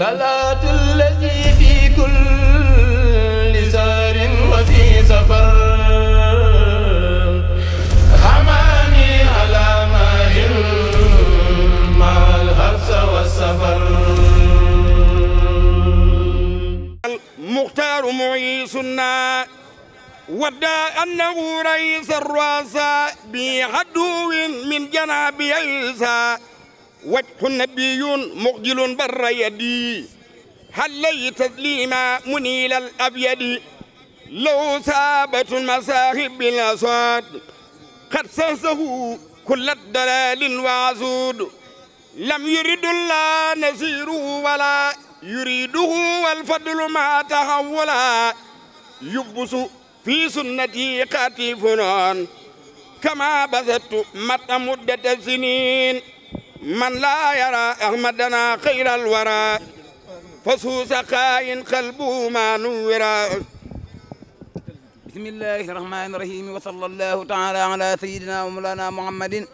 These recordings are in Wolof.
salaatu lazi fi kulli saarin wa fi safar xamaani alaamahin maal xabsa wa safar المختار معيسنا ودى أنه رئيس الرؤساء بحدو من جناب يسى وجه نبي مقجل بر يدي هل لي تسليما منيل الأبيد لو سابت المساهب بالأصوات قد سهسه كل الدلال وعزود لم يرد الله نسيره ولا يريده والفضل ما تحولا يبس في سنتي قاتفنا كما بثت مت مدة السنين من لا يرى أحمدنا خير الورى فسوس خاين قلبه ما نورا بسم الله الرحمن الرحيم وصلى الله تعالى على سيدنا ومولانا محمد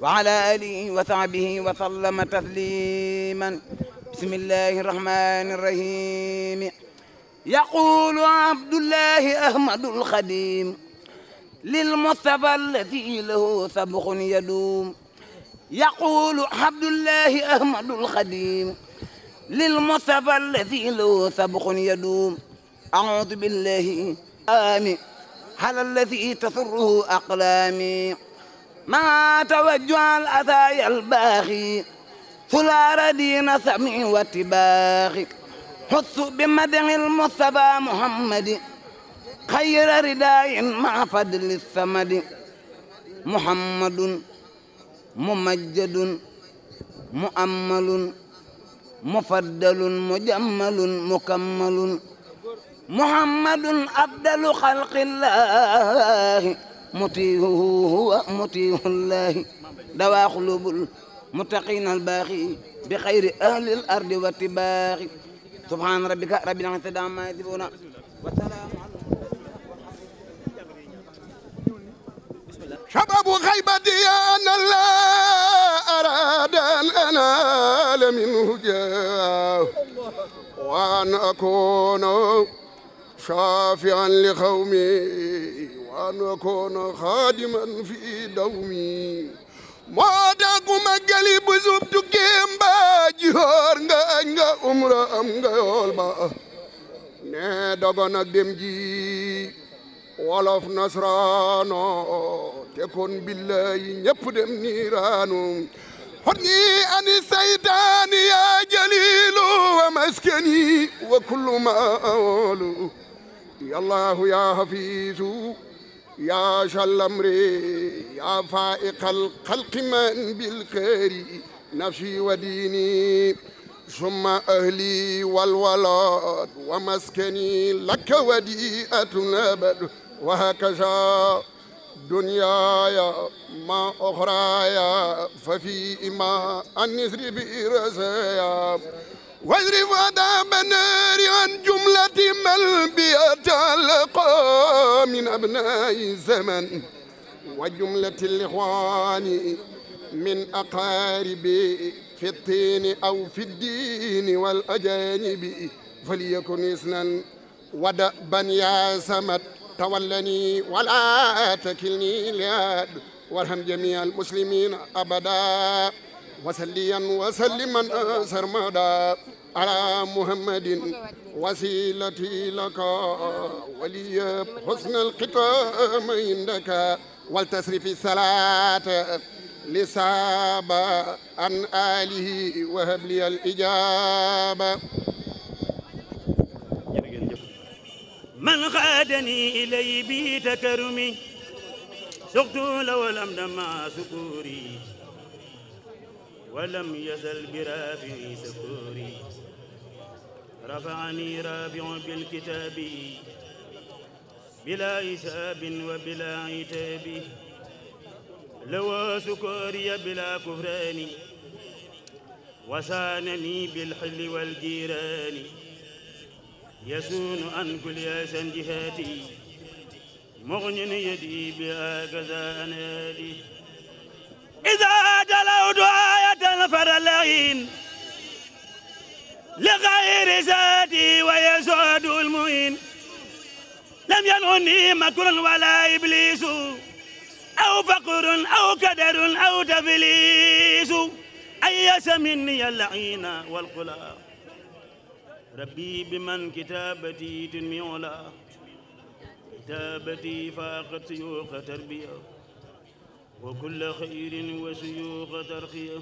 وعلى آله وصحبه وسلم تسليما بسم الله الرحمن الرحيم يقول عبد الله أحمد الخديم للمصطفى الذي له سبق يدوم يقول عبد الله أحمد الخديم للمصطفى الذي له سبق يدوم أعوذ بالله آمين على الذي تسره أقلامي ما توجع الأذى الباخي فلا ردين سمي واتباخي حس بمدح المصطفى محمد خير رداء مع فضل الصمد محمد mumajjadun muammalun mufaddalun mujammalun mukammalun muhammadun afdalu xalqillahi mutiihuhu huwa mutiihullahi dawaa xulubul mutaqiina albaaxi bi xayri ahli al ardi wa tibaaxi subhaana rabbika rabbil izzati ammaa yasifuun شباب غيبتي أنا لا أراد أن أنال منه جاه وأن أكون شافعا لقومي وأن أكون خادما في دومي moo tax ku màggali bésub tukkee mbaa jihoor nga añ nga umra am nga yool ba ne dogon ak dem ji wolof te kon billahi ñëpp dem niiraanu xotni ani saytaani ya jalilu wa maskani wa kullu ma awlu ya allahu ya hafizu ya shalamri ya faiqal xalqi man bil xëri nafsi wa diini summa ahli walwalad wa maskani lakka wadi atun abad wa hakaza دنياي ما أخراي ففي إما النسر برسايا واجرف عذاب النار عن جملة من بيتلقى من أبناء الزمن وجملة الإخوان من أقاربي في الطين أو في الدين والأجانب فليكن إسنا ودأبا يا سمت تولني ولا تكلني لياد وارحم جميع المسلمين أبدا وسليا وسلما سرمدا على محمد وسيلتي لك ولي حسن الختام عندك والتسري في الصلاة لسابا عن آله وهب لي الإجابة من خادني إلي بتكرمي سقت لو الأمد مع سكوري ولم يزل برافعي سكوري رفعني رافع بالكتاب بلا إساب وبلا عتاب لو سكوري بلا كفران وسانني بالحل والجيران يسون عن كل ياس جهاتي مغن يدي بهكذا أنادي إذا تلوت آية فرلعين لغير ذاتي ويزاد المؤين لم ينعني مكر ولا إبليس أو فقر أو كدر أو تفليس أي مني اللعين والقلاق ربي بمن كتابتي تنمي علا كتابتي فاقت سيوخ تربية وكل خير وسيوخ ترخية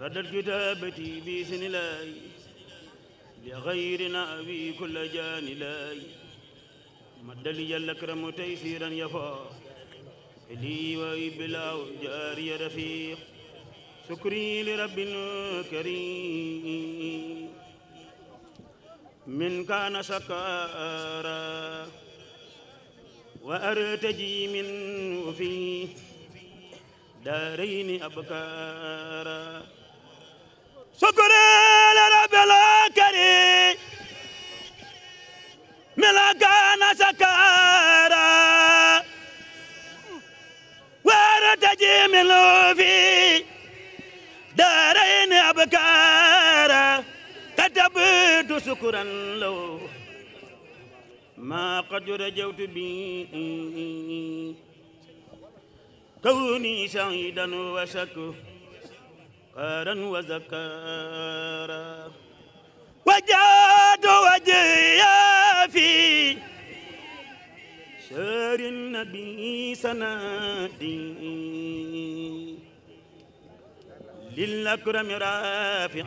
ردت كتابتي بسن لاي لغير نأبي كل جان لاي مد لي الأكرم تيسيرا يفا لي وإبلا جاري رفيق شكري لرب كريم من كان شكارا وأرتجي منه في دارين أبكارا شكرا لرب العالمين شكرا لو ما قد رجوت بي كوني شهيدا وشكرا وذكارا وجعت وجهي في شهر النبي سنادي للأكرم رافع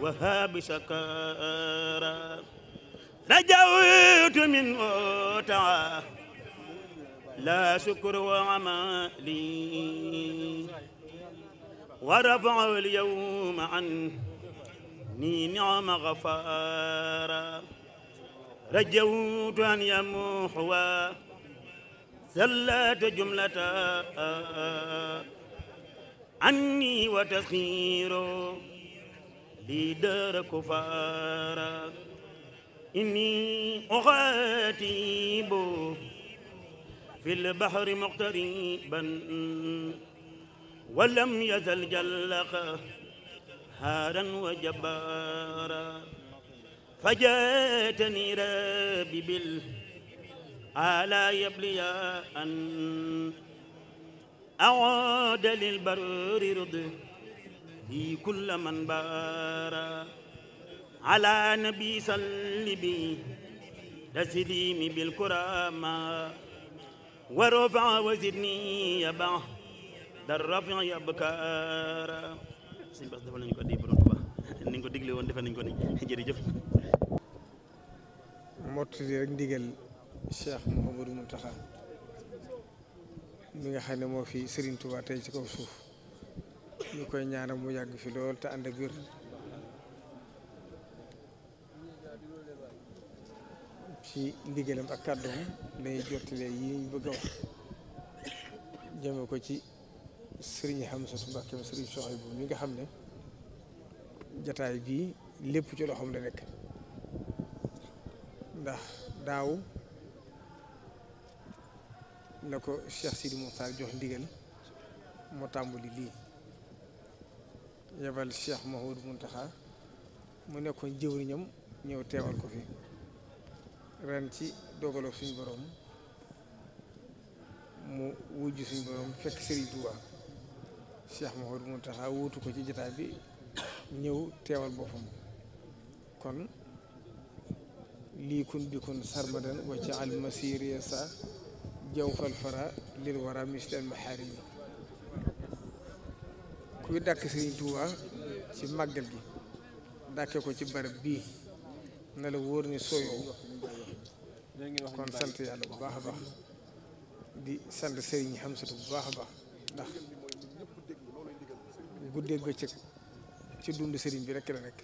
وهاب سكارا رجوت منه تعالى لا شكر وعمالي ورفع اليوم عني نعم غفارا رجوت أن يموح وزلت جملة عني وتسخيره leader kufara inni ukhatibu fil bahri muqtariban walam yazal jallaqa haaran wa jabbara fajatani rabbi bil ala yabliya an awada lil barri rudi به كل من بار على نبي صلبي تسليمي بالكرامة ورفع وزدني يبع در رفع يبكار sëñ Bass defal nañu ko addi borom Tuubaa ni nga ko digle woon defal nañu ko ni jërëjëf mottali rek ndigal Cheikh Mouhamadou Mountakha mi nga xam ne moo fi Serigne Touba tey ci kaw suuf ñu koy ñaanal mu yàgg fi lool te ànd ak wér ci ndigalam ak kàddoom lay jottalee yi ñu bëgg a wax ko ci sëriñ xam su Mbàkke sëriñ Soxay bu mi nga xam ne jataay bii lépp ci loxoom la nekk ndax daaw la ko Cheikh Sidi Mokhtar jox ndigal mu tàmbali lii yebal Cheikh Mahmoud taxa mu nekkoon jëwriñam ñëw teewal ko fi ren ci dogaloo suñu borom mu wujj suñu borom fekk Serigne Touba Cheikh Mahmoud Muntaxa wuutu ko ci jotaay bi ñëw teewal boppam kon lii kun bi kun sarmadan wa ci sa jawfal fara lil wara mistal maxaari yi kuy dàkk Serigne Touba ci màgget gi dàkke ko ci barab bii na la wóor ni sooyoo kon sant yàlla bu baax a baax di sant Serigne Hamsatu bu baax a baax ndax guddeeg bëccëg ci dund sëriñ bi rek la nekk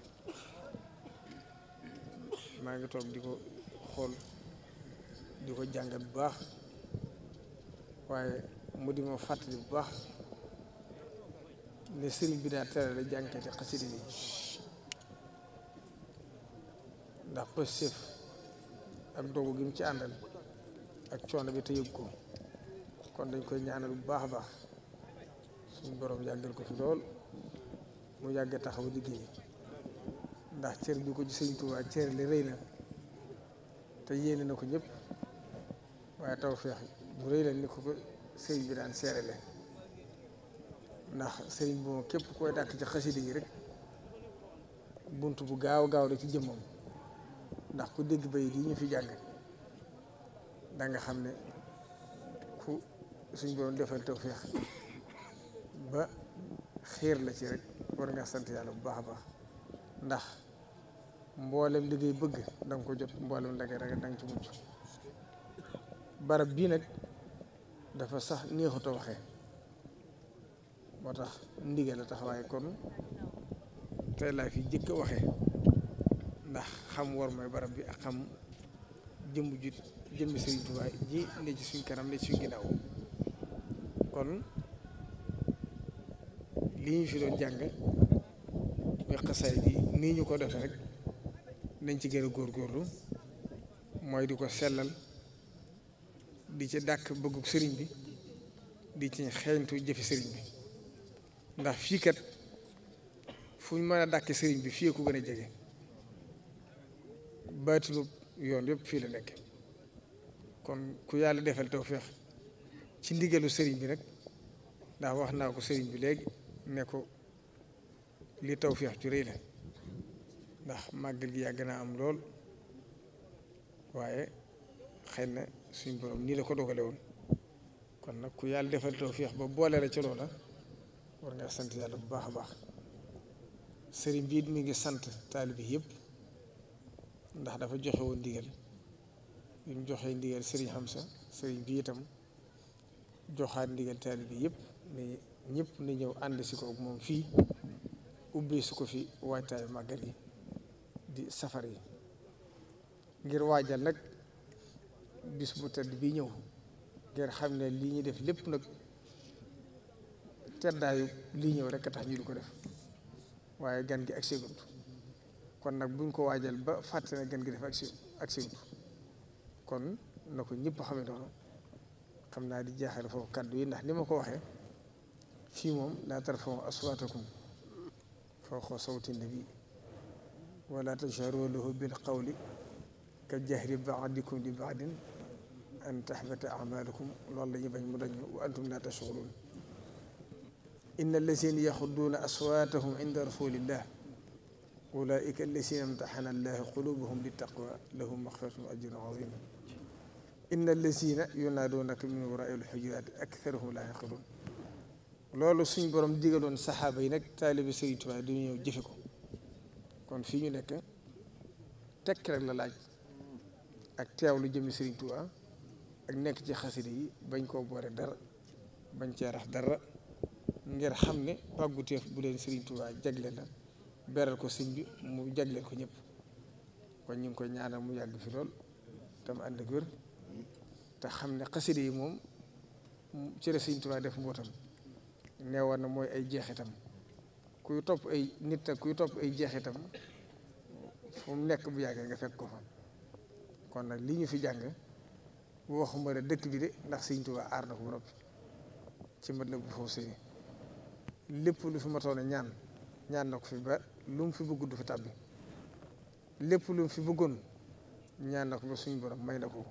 maa ngi toog di ko xool di ko jàngat bu baax waaye mu di ma fàttali bu baax. ne sëriñ bi daa terale jànkati xasida yi ndax pëstéef ak dogu gi ci àndal ak coono bi te yëg ko kon dañ koy ñaanal bu baax a baax suñu borom yàggal ko fi lool mu yàgg taxaw liggéey ndax cër bi ko ci sëriñ Tuubaa li rëy na te yéene na ko ñëpp waaye tawfeex bu rëy la ni ko ko sëriñ bi daan seerale ndax sëriñ bi moom képp koy dàq ci xasida yi rek bunt bu gaaw gaaw la ci jëmmam ndax ku dégg bay di ñu fi jàng da nga xam ne ku suñ borom defal tawféex ba xiir la ci rek war nga sant yàlla bu baax a baax ndax mboolem li ngay bëgg da nga ko jot mboolem la danga ragal da ci mucc barab bii nag dafa sax neexut a waxee moo tax ndigal la tax waaye kon tey laa fi jëkk waxe ndax xam war mooy barab bi ak xam jëmm ju jëmmi Sëriñ Tuubaa ji ne ci suñ kanam ne ci suñ ginnaaw kon li ñu fi doon jàng muy xasaay bi nii ñu ko defe rek nañ ci gën a góor góorlu mooy di ko sellal di ci dàkk bëggug sëriñ bi di ci xeeñtu jëfi sëriñ bi ndax fii kat fu ñu mën a dàkke sëriñ bi fii ko gën a jege baatulub yoon yëpp fii la nekk kon ku yàlla defal tawféex ci ndigalu sëriñ bi rek ndax wax naa ko sëriñ bi léegi ne ko li tawféex ci rëy la ndax màggal gi yàgg naa am lool waaye xëy na suñ borom nii la ko dogale kon nag ku yàlla defal tawféex ba boole la ca loola war ngaa sant yàlla bu baax a baax sëriñ bii mi ngi sant taalibe yëpp ndax dafa joxe woon ndigal bi mu joxee ndigal sëriñ sa sëriñ bi itam joxaat ndigal taalibe yëpp ne ñëpp ni ñëw ànd si ko moom fii ubbi si ko fi waajtaayu màggal yi di safar yi ngir waajal nag bis bu tedd bi ñëw ngir xam ne lii ñu def lépp nag teddaayu lii ñëw rekk a tax ñu di ko def waaye gan gi ak séegut kon nag buñ ko waajal ba fàtte na gan gi def ak si kon na ko ñëpp xamee noonu xam naa di jaaxale foofu kàddu yi ndax ni ma ko waxee fii moom laa tarfa'u aswaatakum fawqa sawti nabi wala tajharu lahu bil qawli ka jahri ba'dikum li ba'din an tahbata a'malukum loolu la ñu bañ mu dañu wa antum laa tash'urun inna allazina yaxudduuna aswaatahum inda rasulillah ulaika allazina imtaxana allahu qulubuhum littaqwa lahum maxfiratun wa ajrun azim inna allazina yunaaduunaka min waraai alxujuraat aktharuhum laa yaqiluun loolu suñ borom digaloon saxaaba yi nag taalibi Sëriñ Tuubaa du ñëw jëfe ko kon fii ñu nekk tekk rek la laaj ak teewlu jëmmi Sëriñ Tuubaa ak nekk ci xasida yi bañ koo boore dara bañ cee rax dara ngir xam ne pàgguteef bu leen Serigne Touba jagleel la beral ko sëñ bi mu jagleel ko ñëpp kon ñu ngi koy ñaanal mu yàgg fi lool tam ànd ak te xam ne xaside yi moom ci la Serigne Touba def mbootam neewoon na mooy ay jeexitam kuy topp ay nit ak kuy topp ay jeexitam fu nekk bu yàggee nga fekk ko fa kon nag li ñu fi jàng waxuma la dëkk bi de ndax Serigne Touba aar na ko ba noppi ci mat la bu foofu sëriñ lépp lu fi matoon ñaan ñaan na ko fi ba lu mu fi bëgg du fa tàbbi lépp lu mu fi bëggoon ñaan na ko ba suñu borom may na ko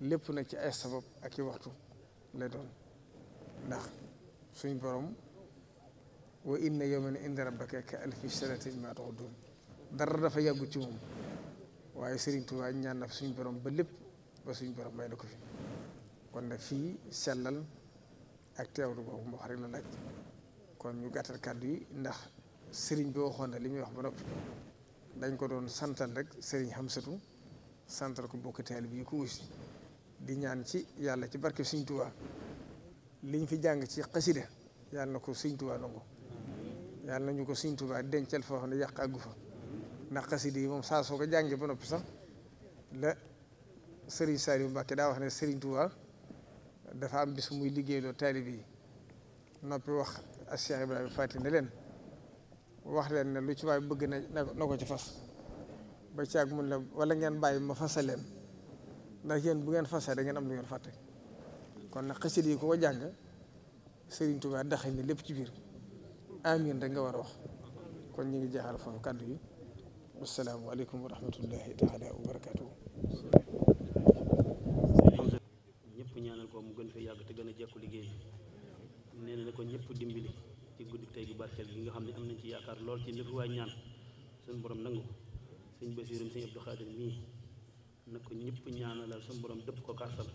lépp nag ci ay sabab ak i waxtu lay doon ndax suñu borom wa inna yawman inda rabbika ka alfi sanatin mimma ta'uddun dara dafa yàggu ci moom waaye sëriñ Touba ñaan na suñu borom ba lépp ba suñu borom may na ko fi kon nag fii sellal ak teewlu boobu moo xam rek la laaj. kon ñu gàttal kàddu yi ndax sëriñ bi waxoon na li muy wax ba noppi dañ ko doon santal rek sëriñ Hamsatu santal ko bokk taalibe yi ko wusi di ñaan ci yàlla ci barke Sëriñ Tuubaa liñ fi jàng ci xasida yàlla na ko Sëriñ Tuubaa nangu yàlla na ñu ko Sëriñ Tuubaa dencal foo xam ne yàq àggu fa ndax xasida yi moom saa soo ko jàngee ba noppi sax la sëriñ Saliou Mbacke daa wax ne Sëriñ Tuubaa dafa am bis muy liggéeyloo taalibe yi noppi wax ak bi Ibrahima Fati ne leen wax leen ne lu ci bëgg na na ko ci fas ba caag mun la wala ngeen bàyyi ma fasa leen ndax yéen bu ngeen fasee da ngeen am lu ngeen fàtte kon nag xasida yi ku ko jàng Serigne Touba daxañ ne lépp ci biir amiin rek nga war a wax kon ñu ngi jeexal foofu kàddu yi wasalaamualeykum wa rahmatullahi taala wa mu gën fee yàgg te gën a jekku liggéey nee na ko ñëpp dimbali ci guddi tey gu barkeel gi nga xam ne am nañ ci yaakaar lool ci lépp waay ñaan suñu borom nangu sëñ Basiirum sëñ Abdou Xaadir mii na ko ñëpp ñaanalal suñu borom dëpp ko kàrsal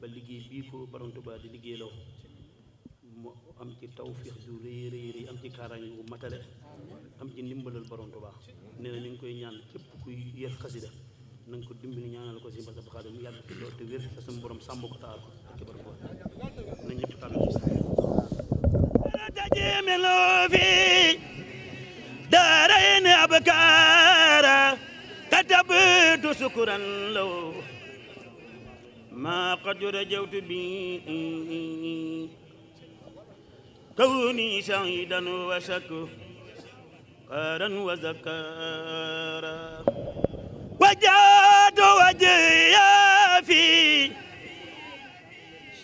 ba liggéey bii ko borom Tuubaa di liggéeyloo mu am ci tawfiix ju rëy rëy rëy am ci kaaraange gu matale am ci ndimbalal borom Tuubaa nee na ñu ngi koy ñaan képp kuy yër xasida na nga ko dimbali ñaanal ko si mbas ab xaalis mu yàgg fi loolu te wér te suñu borom sàmm ko taal ko ak kibar ko na ñëpp tànn له في دارين أبكارا كتبت شكرا له ما قد رجوت به كوني شهيدا وشكرا وذكارا وجعت وجهي في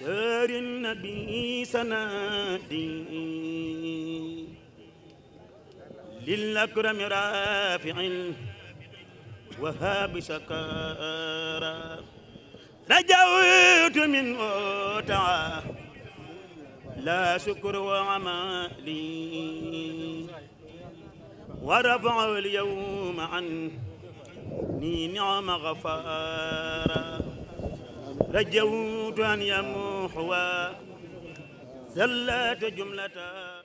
شهر النبي سنادي للأكرم رافع وهاب سكارا رجوت منه تعالى لا شكر وعمالي ورفع اليوم عني نعم غفارا رجوت أن يمحو زلات جملتها